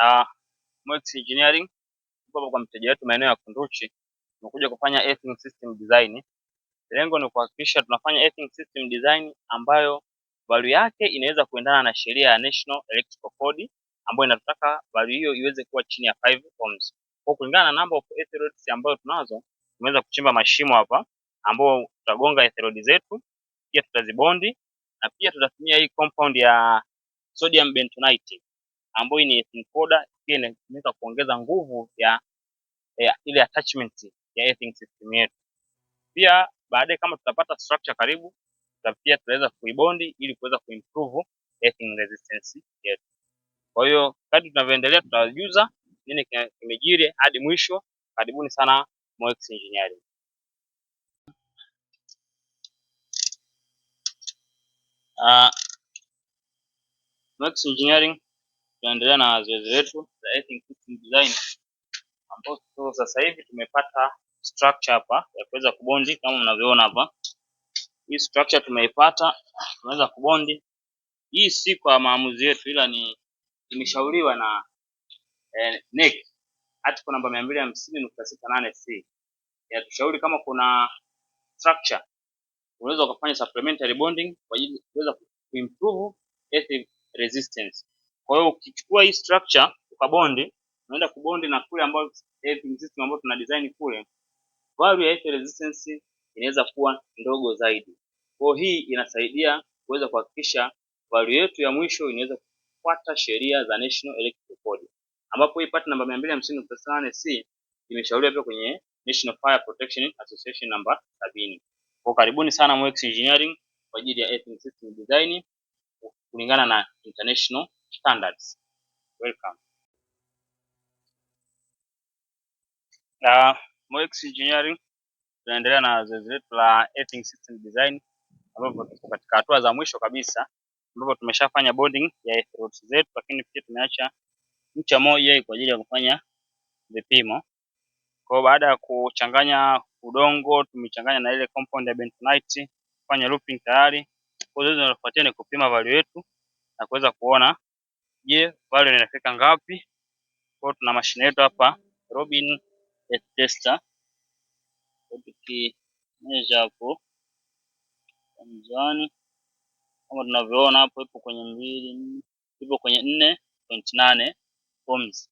uh, Mox Engineering hapa kwa mteja wetu maeneo ya Kunduchi, tumekuja kufanya earthing system design. Lengo ni kuhakikisha tunafanya earthing system design ambayo value yake inaweza kuendana na sheria ya National Electrical Code ambayo inataka value hiyo iweze kuwa chini ya 5 ohms. Kwa kulingana na number of electrodes ambayo tunazo, tumeweza kuchimba mashimo hapa ambao tutagonga electrodes zetu, pia tutazibondi na pia tutatumia hii compound ya sodium bentonite ambayo ni ethylene powder pia inatumika kuongeza nguvu ya, ya ile attachment ya ethylene system yetu. Pia baadaye kama tutapata structure karibu, pia tutaweza kuibondi ili kuweza kuimprove ethylene resistance yetu. Kwa hiyo kadri tunavyoendelea tutajuza nini kimejiri hadi mwisho. Karibuni sana Moex Engineering. Uh, Moex Engineering tunaendelea na zoezi letu la ethnic system design, ambapo sasa hivi tumepata structure hapa ya kuweza kubondi kama mnavyoona hapa. Hii structure tumeipata, tunaweza kubondi. Hii si kwa maamuzi yetu, ila ni imeshauriwa na eh, NEC article namba 250.68C ya tushauri kama kuna structure unaweza ukafanya supplementary bonding kwa ajili kuweza kuimprove earth resistance. Kwa hiyo ukichukua hii structure ukabondi, unaenda kubondi na kule ambayo earthing system ambayo tuna design kule, value ya earth resistance inaweza kuwa ndogo zaidi. Kwa hiyo hii inasaidia kuweza kuhakikisha value yetu ya mwisho inaweza kufuata sheria za National Electrical Code, ambapo hii part namba 258 C imeshauriwa pia kwenye National Fire Protection Association namba 70. Kwa hiyo karibuni sana Mwex Engineering kwa ajili ya earthing system design kulingana na international standards. Welcome. Uh, Moex Engineering tunaendelea na zoezi letu la earthing system design ambapo tuko katika hatua za mwisho kabisa ambapo tumeshafanya bonding ya rods zetu, lakini pia tumeacha ncha moja kwa ajili ya kufanya vipimo. Kwa hiyo baada ya kuchanganya udongo, tumechanganya na ile compound ya bentonite kufanya looping tayari. Kwa hiyo zoezi linalofuatia ni kupima value yetu na kuweza kuona Je, value inafika ngapi? Kwa tuna mashine yetu hapa Robin heat tester, tukimeasure hapo kwa mizani kama tunavyoona hapo, ipo kwenye mbili, ipo kwenye nne point nane ohms.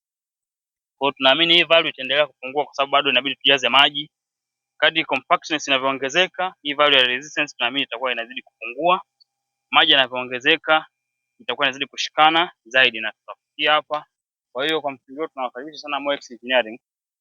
Kwa hiyo tunaamini hii value itaendelea kupungua kwa sababu bado inabidi tujaze maji. Kadri compactness inavyoongezeka, hii value ya resistance tunaamini itakuwa inazidi kupungua. Maji yanavyoongezeka itakuwa inazidi kushikana zaidi na tutafikia hapa. Kwa hiyo kwa msingi huo tunawakaribisha sana Moex Engineering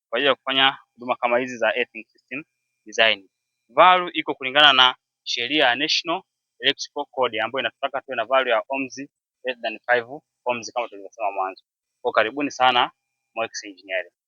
kwa ajili ya kufanya huduma kama hizi za earthing system design. Value iko kulingana na sheria ya National Electrical Code ambayo inatutaka tuwe na value ya ohms less than 5 ohms kama tulivyosema mwanzo. Kwa karibuni sana Moex Engineering.